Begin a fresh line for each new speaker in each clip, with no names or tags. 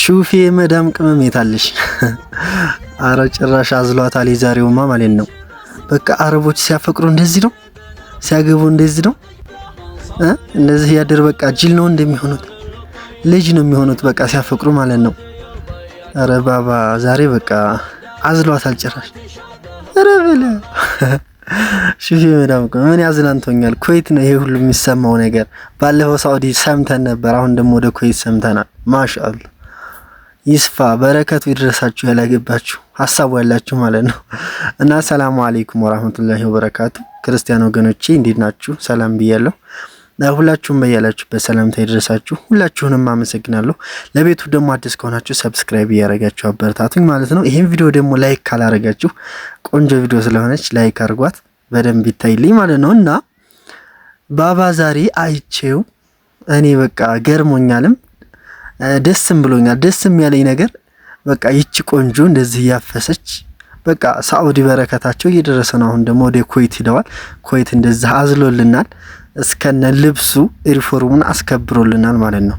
ሹፌ መዳም ቅመም የታለሽ? አረ ጭራሽ አዝሏታል። የዛሬውማ ማለት ነው። በቃ አረቦች ሲያፈቅሩ እንደዚህ ነው፣ ሲያገቡ እንደዚህ ነው። እንደዚህ ያደር በቃ ጅል ነው እንደሚሆኑት ልጅ ነው የሚሆኑት በቃ ሲያፈቅሩ ማለት ነው። አረ ባባ ዛሬ በቃ አዝሏታል ጭራሽ። አረ በለ ሹፌ መዳም ቅመም ምን ያዝናንቶኛል። ኩዌት ነው ይሄ ሁሉ የሚሰማው ነገር። ባለፈው ሳውዲ ሰምተን ነበር፣ አሁን ደግሞ ወደ ኩዌት ሰምተናል። ማሻአላ ይስፋ፣ በረከቱ ይድረሳችሁ። ያላገባችሁ ሀሳቡ ያላችሁ ማለት ነው እና ሰላሙ አሌይኩም ወራህመቱላሂ ወበረካቱ። ክርስቲያን ወገኖቼ እንዴት ናችሁ? ሰላም ብያለሁ። ሁላችሁም በያላችሁበት ሰላምታ ይድረሳችሁ። ሁላችሁንም አመሰግናለሁ። ለቤቱ ደግሞ አዲስ ከሆናችሁ ሰብስክራይብ እያረጋችሁ አበረታቱኝ ማለት ነው። ይህም ቪዲዮ ደግሞ ላይክ ካላረጋችሁ ቆንጆ ቪዲዮ ስለሆነች ላይክ አርጓት በደንብ ይታይልኝ ማለት ነው እና ባባ ዛሬ አይቼው እኔ በቃ ገርሞኛልም ደስም ብሎኛል። ደስም ያለኝ ነገር በቃ ይቺ ቆንጆ እንደዚህ እያፈሰች በቃ ሳዑዲ በረከታቸው እየደረሰ ነው። አሁን ደግሞ ወደ ኮይት ሂደዋል። ኮይት እንደዚህ አዝሎልናል፣ እስከነ ልብሱ ሪፎርሙን አስከብሮልናል ማለት ነው።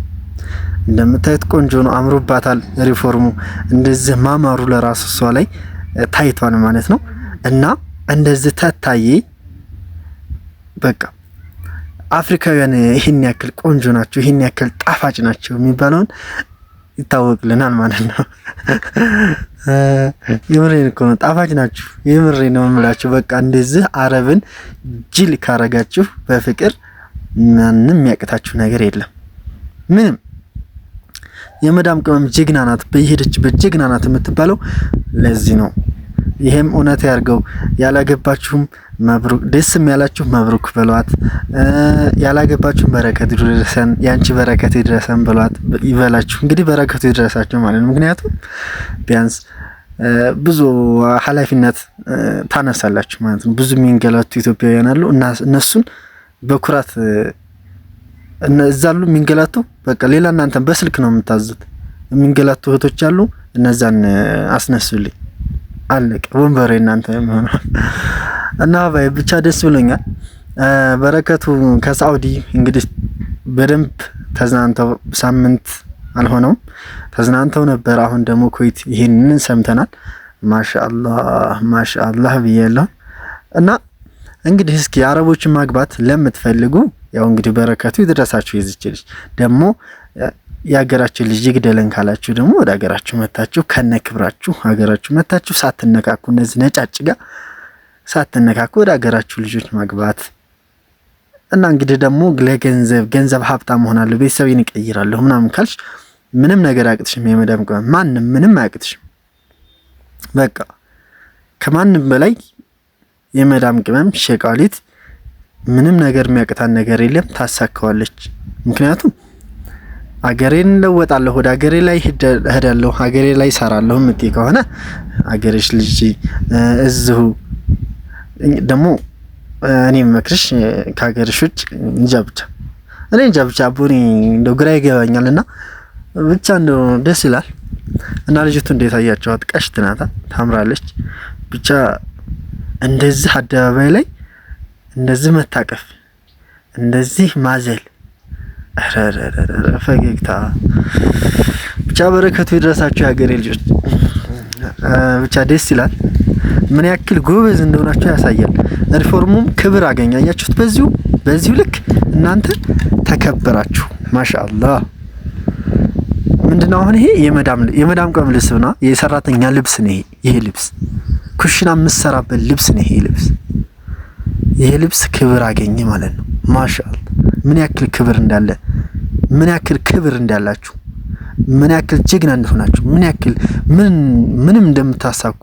እንደምታየት ቆንጆ ነው፣ አምሮባታል ሪፎርሙ። እንደዚህ ማማሩ ለራሱ እሷ ላይ ታይቷል ማለት ነው። እና እንደዚህ ተታዬ በቃ አፍሪካውያን ይህን ያክል ቆንጆ ናቸው፣ ይህን ያክል ጣፋጭ ናቸው የሚባለውን ይታወቅልናል ማለት ነው። የምሬን እኮ ነው፣ ጣፋጭ ናችሁ። የምሬ ነው የምላችሁ። በቃ እንደዚህ አረብን ጅል ካረጋችሁ በፍቅር ማንም የሚያቅታችሁ ነገር የለም ምንም የመዳም ቅመም ጀግና ናት፣ በየሄደችበት ጀግና ናት የምትባለው ለዚህ ነው። ይሄም እውነት ያርገው። ያላገባችሁም መብሩክ፣ ደስም ያላችሁ መብሩክ በሏት። ያላገባችሁም በረከት ይድረሰን፣ ያንቺ በረከት ይድረሰን በሏት። ይበላችሁ እንግዲህ በረከቱ ይድረሳችሁ ማለት ነው። ምክንያቱም ቢያንስ ብዙ ኃላፊነት ታነሳላችሁ ማለት ነው። ብዙ የሚንገላቱ ኢትዮጵያውያን አሉ እነሱን በኩራት እዛሉ የሚንገላቱ በቃ ሌላ እናንተን በስልክ ነው የምታዙት የሚንገላቱ እህቶች አሉ። እነዛን አስነሱልኝ። አለቅ ወንበሬ እናንተ እና ባይ ብቻ ደስ ብሎኛል። በረከቱ ከሳውዲ እንግዲህ በደንብ ተዝናንተው ሳምንት አልሆነውም ተዝናንተው ነበር። አሁን ደግሞ ኩዌት ይሄንን ሰምተናል። ማሻአላህ ማሻአላህ ብያለሁ። እና እንግዲህ እስኪ አረቦችን ማግባት ለምትፈልጉ ያው እንግዲህ በረከቱ ይድረሳችሁ። ይዝችልሽ ደግሞ የሀገራችን ልጅ ይግደለን ካላችሁ ደግሞ ወደ ሀገራችሁ መታችሁ ከነ ክብራችሁ ሀገራችሁ መታችሁ ሳትነካኩ እነዚህ ነጫጭ ጋር ሳትነካኩ ወደ ሀገራችሁ ልጆች ማግባት እና እንግዲህ ደግሞ ለገንዘብ ገንዘብ ሀብታም ሆናለሁ ቤተሰቤን እቀይራለሁ ምናምን ካልሽ ምንም ነገር አያቅትሽም። የመዳም ቅመም ማንም ምንም አያቅትሽም። በቃ ከማንም በላይ የመዳም ቅመም ሸቃሊት ምንም ነገር የሚያቅታን ነገር የለም። ታሳካዋለች ምክንያቱም አገሬን እለወጣለሁ፣ ወደ አገሬ ላይ እሄዳለሁ፣ አገሬ ላይ እሰራለሁ የምትይ ከሆነ አገሬሽ ልጅ እዚሁ ደግሞ እኔ መክርሽ ከሀገርሽ ውጭ እንጃ ብቻ እኔ እንጃ ብቻ አቦኔ እንደው ግራ ይገባኛል። እና ብቻ እንደው ደስ ይላል። እና ልጅቱ እንዴት አያቸዋት? ቀሽት ትናታ ታምራለች። ብቻ እንደዚህ አደባባይ ላይ እንደዚህ መታቀፍ እንደዚህ ማዘል ፈገግታ ብቻ በረከቱ የደረሳችሁ የሀገሬ ልጆች ብቻ ደስ ይላል። ምን ያክል ጎበዝ እንደሆናችሁ ያሳያል። ሪፎርሙም ክብር አገኛኛችሁት። በዚሁ በዚሁ ልክ እናንተ ተከበራችሁ። ማሻአላህ ምንድነው አሁን ይሄ የመዳም ቀም ልብስ ነው፣ የሰራተኛ ልብስ ነው። ይሄ ይሄ ልብስ ኩሽና የምትሰራበት ልብስ ነው። ይሄ ልብስ ይሄ ልብስ ክብር አገኘ ማለት ነው። ማሻአላህ ምን ያክል ክብር እንዳለ ምን ያክል ክብር እንዳላችሁ፣ ምን ያክል ጀግና እንደሆናችሁ፣ ምን ያክል ምንም እንደምታሳኩ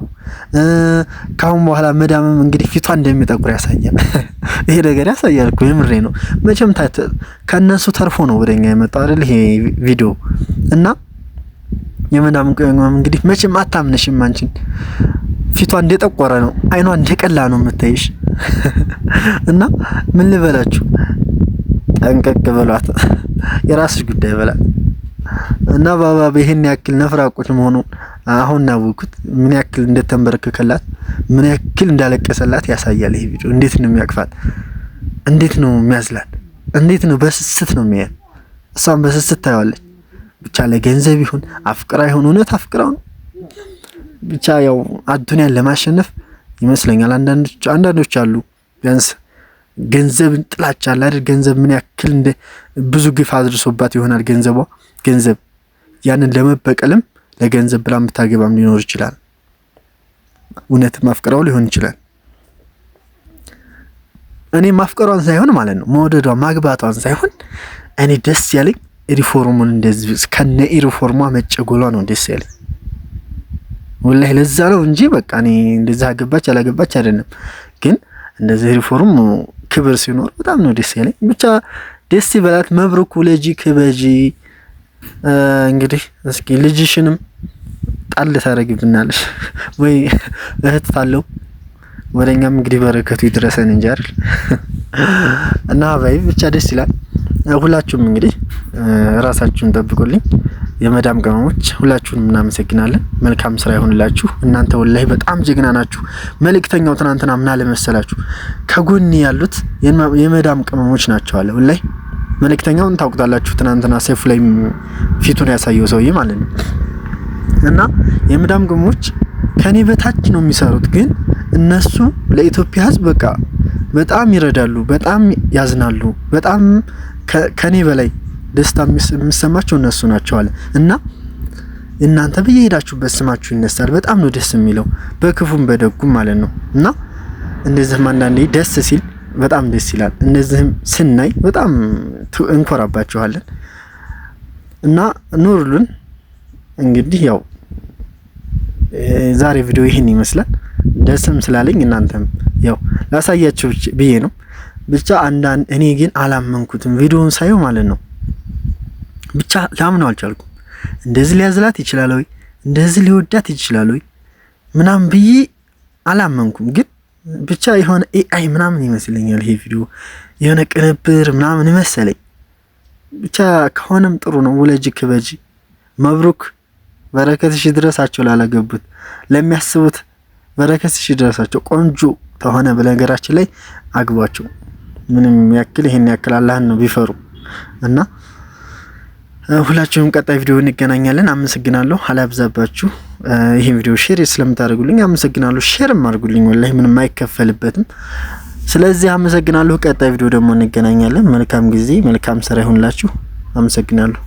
ከአሁን በኋላ መዳምም እንግዲህ ፊቷ እንደሚጠቁር ያሳያል። ይሄ ነገር ያሳያል እኮ የምሬ ነው። መቼም ከእነሱ ተርፎ ነው ወደኛ የመጣው አይደል? ይሄ ቪዲዮ እና የመዳም ቅመም እንግዲህ መቼም አታምነሽም አንቺን። ፊቷ እንደጠቆረ ነው፣ አይኗ እንደቀላ ነው የምታይሽ። እና ምን ልበላችሁ ጠንቀቅ ብሏት። የራስሽ ጉዳይ በላ እና ባባ ይሄን ያክል ነፍራቆች መሆኑ አሁን ናወኩት። ምን ያክል እንደተንበረከከላት ምን ያክል እንዳለቀሰላት ያሳያል። ይሄ ቪዲዮ እንዴት ነው የሚያቅፋት፣ እንዴት ነው የሚያዝላት፣ እንዴት ነው በስስት ነው የሚያል። እሷም በስስት ታየዋለች። ብቻ ለገንዘብ ይሁን አፍቅራ ይሁን እውነት አፍቅራው ብቻ ያው አዱንያን ለማሸነፍ ይመስለኛል። አንዳንዶች አንዳንዶች አሉ ቢያንስ ገንዘብን ጥላቻ አለ አይደል? ገንዘብ ምን ያክል እንደ ብዙ ግፍ አድርሶባት ይሆናል። ገንዘቧ ገንዘብ ያንን ለመበቀልም ለገንዘብ ብላ የምታገባም ሊኖር ይችላል። እውነትም አፍቅረው ሊሆን ይችላል። እኔ ማፍቀሯን ሳይሆን ማለት ነው መውደዷ ማግባቷን ሳይሆን እኔ ደስ ያለኝ ሪፎርሙን እንደዚህ ከነ ሪፎርሟ መጨጎሏ ነው ደስ ያለኝ። ወላሂ ለዛ ነው እንጂ በቃ እኔ እንደዚህ አገባች አላገባች አይደለም። ግን እንደዚህ ሪፎርም ክብር ሲኖር በጣም ነው ደስ ያለኝ። ብቻ ደስ ይበላት። መብሩክ ውለጂ ክበጂ። እንግዲህ እስኪ ልጅሽንም ጣል ታደርግብናለሽ ወይ እህት ታለው ወደኛም እንግዲህ በረከቱ ይድረሰን እንጂ አይደል እና ባይ ብቻ ደስ ይላል። ሁላችሁም እንግዲህ ራሳችሁን ጠብቁልኝ። የመዳም ቅመሞች ሁላችሁንም እናመሰግናለን። መልካም ስራ ይሆንላችሁ። እናንተ ወላሂ በጣም ጀግና ናችሁ። መልእክተኛው ትናንትና ምን አለ መሰላችሁ? ከጎን ያሉት የመዳም ቅመሞች ናቸው አለ። ወላሂ መልእክተኛውን ታውቁታላችሁ። ትናንትና ሰይፉ ላይ ፊቱን ያሳየው ሰውዬ ማለት ነው። እና የመዳም ቅመሞች ከኔ በታች ነው የሚሰሩት፣ ግን እነሱ ለኢትዮጵያ ሕዝብ በቃ በጣም ይረዳሉ፣ በጣም ያዝናሉ፣ በጣም ከኔ በላይ ደስታ የሚሰማቸው እነሱ ናቸው አለ እና እናንተ በየሄዳችሁበት ስማችሁ ይነሳል። በጣም ነው ደስ የሚለው በክፉም በደጉም ማለት ነው እና እንደዚህም አንዳንዴ ደስ ሲል በጣም ደስ ይላል። እንደዚህም ስናይ በጣም እንኮራባችኋለን እና ኑርሉን እንግዲህ ያው ዛሬ ቪዲዮ ይህን ይመስላል። ደስም ስላለኝ እናንተም ያው ላሳያችሁ ብዬ ነው። ብቻ አንዳንድ እኔ ግን አላመንኩትም ቪዲዮውን ሳየው ማለት ነው። ብቻ ላምነው አልቻልኩም። እንደዚህ ሊያዝላት ይችላል ወይ እንደዚህ ሊወዳት ይችላል ወይ ምናምን ብዬ አላመንኩም። ግን ብቻ የሆነ ኤአይ ምናምን ይመስለኛል ይሄ ቪዲዮ የሆነ ቅንብር ምናምን ይመሰለኝ። ብቻ ከሆነም ጥሩ ነው። ውለጅ ክበጅ። መብሩክ በረከትሽ ድረሳቸው ላላገቡት ለሚያስቡት በረከትሽ ድረሳቸው። ቆንጆ ተሆነ በነገራችን ላይ አግቧቸው። ምንም ያክል ይሄን ያክል አላህን ነው ቢፈሩ እና ሁላችሁም ቀጣይ ቪዲዮ እንገናኛለን። አመሰግናለሁ። አላብዛባችሁ። ይህን ቪዲዮ ሼር ስለምታደርጉልኝ አመሰግናለሁ። ሼርም አድርጉልኝ፣ ወላሂ ምንም አይከፈልበትም። ስለዚህ አመሰግናለሁ። ቀጣይ ቪዲዮ ደግሞ እንገናኛለን። መልካም ጊዜ፣ መልካም ስራ ይሁንላችሁ። አመሰግናለሁ።